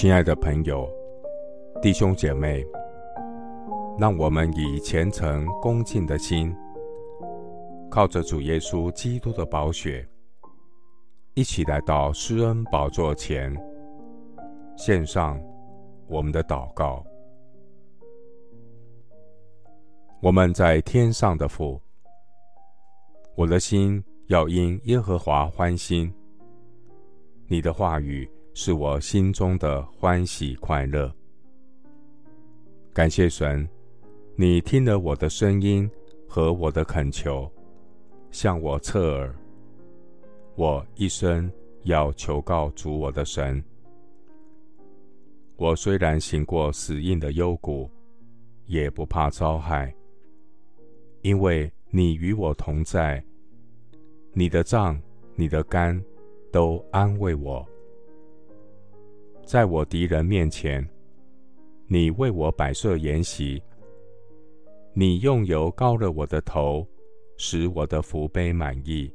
親愛的朋友、弟兄姐妹，讓我們以虔誠恭敬的心，靠着主耶穌基督的寶血，一起來到施恩寶座前，獻上我們的禱告。我們在天上的父，我的心要因耶和華歡心，你的話語。是我心中的歡喜快樂。感謝神，你聽了我的聲音和我的懇求，向我側耳。我一生要求告主，我的神。我雖然行過死蔭的幽谷，也不怕遭害，因為你與我同在，你的杖、你的竿都安慰我。在我敵人面前，你為我擺設筵席。你用油膏了我的頭，使我的福杯滿溢。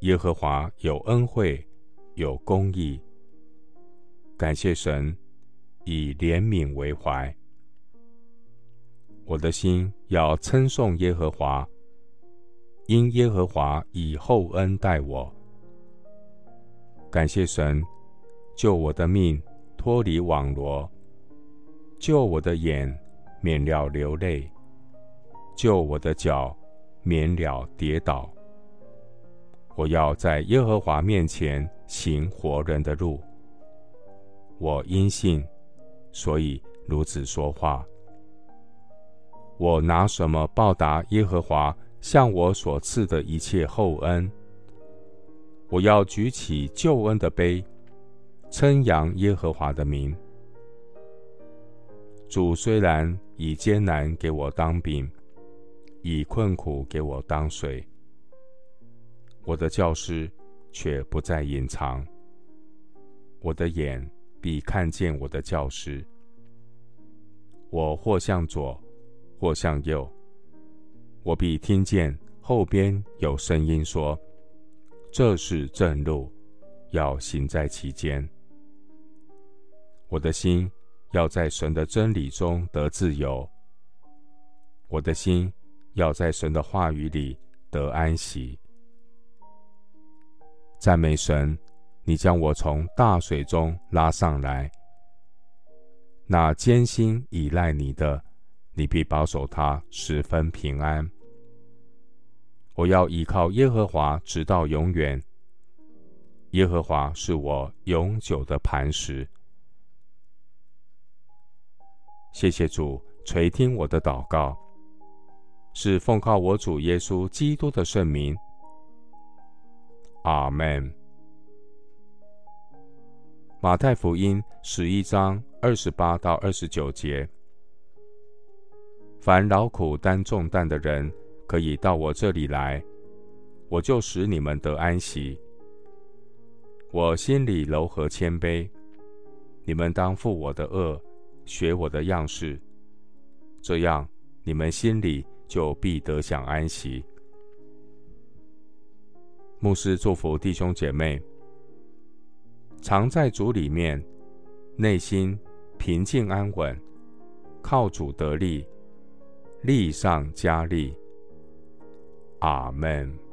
耶和華有恩惠，有公義。感謝神，以憐憫為懷。我的心要稱頌耶和華，因耶和華以厚恩待我。感謝神。救我的命，脫離網羅；救我的眼，免了流淚；救我的腳，免了跌倒。我要在耶和華面前行活人的路。我因信，所以如此說話。我拿什麼報答耶和華向我所賜的一切厚恩？我要舉起救恩的杯，稱揚耶和華的名。主雖然以艱難給我當餅，以困苦給我當水，我的教師卻不再隱藏。我的眼必看見我的教師。我或向左，或向右，我必聽見後邊有聲音說：“這是正路，要行在其間。”我的心要在神的真理中得自由，我的心要在神的話語裡得安息。讚美神，你將我從大水中拉上來。那堅心依賴你的，你必保守他十分平安。我要依靠耶和華直到永遠。耶和華是我永久的磐石。謝謝主垂聽我的禱告，是奉靠我主耶穌基督的聖名。阿們。馬太福音十一章二十八到二十九節：凡勞苦擔重擔的人，可以到我這裡來，我就使你們得安息。我心裡柔和謙卑，你們當負我的軛學我的樣式，這樣你們心裡就必得享安息。牧師祝福弟兄姊妹，常在主裡面，內心平靜安穩，靠主得力，力上加力。阿門。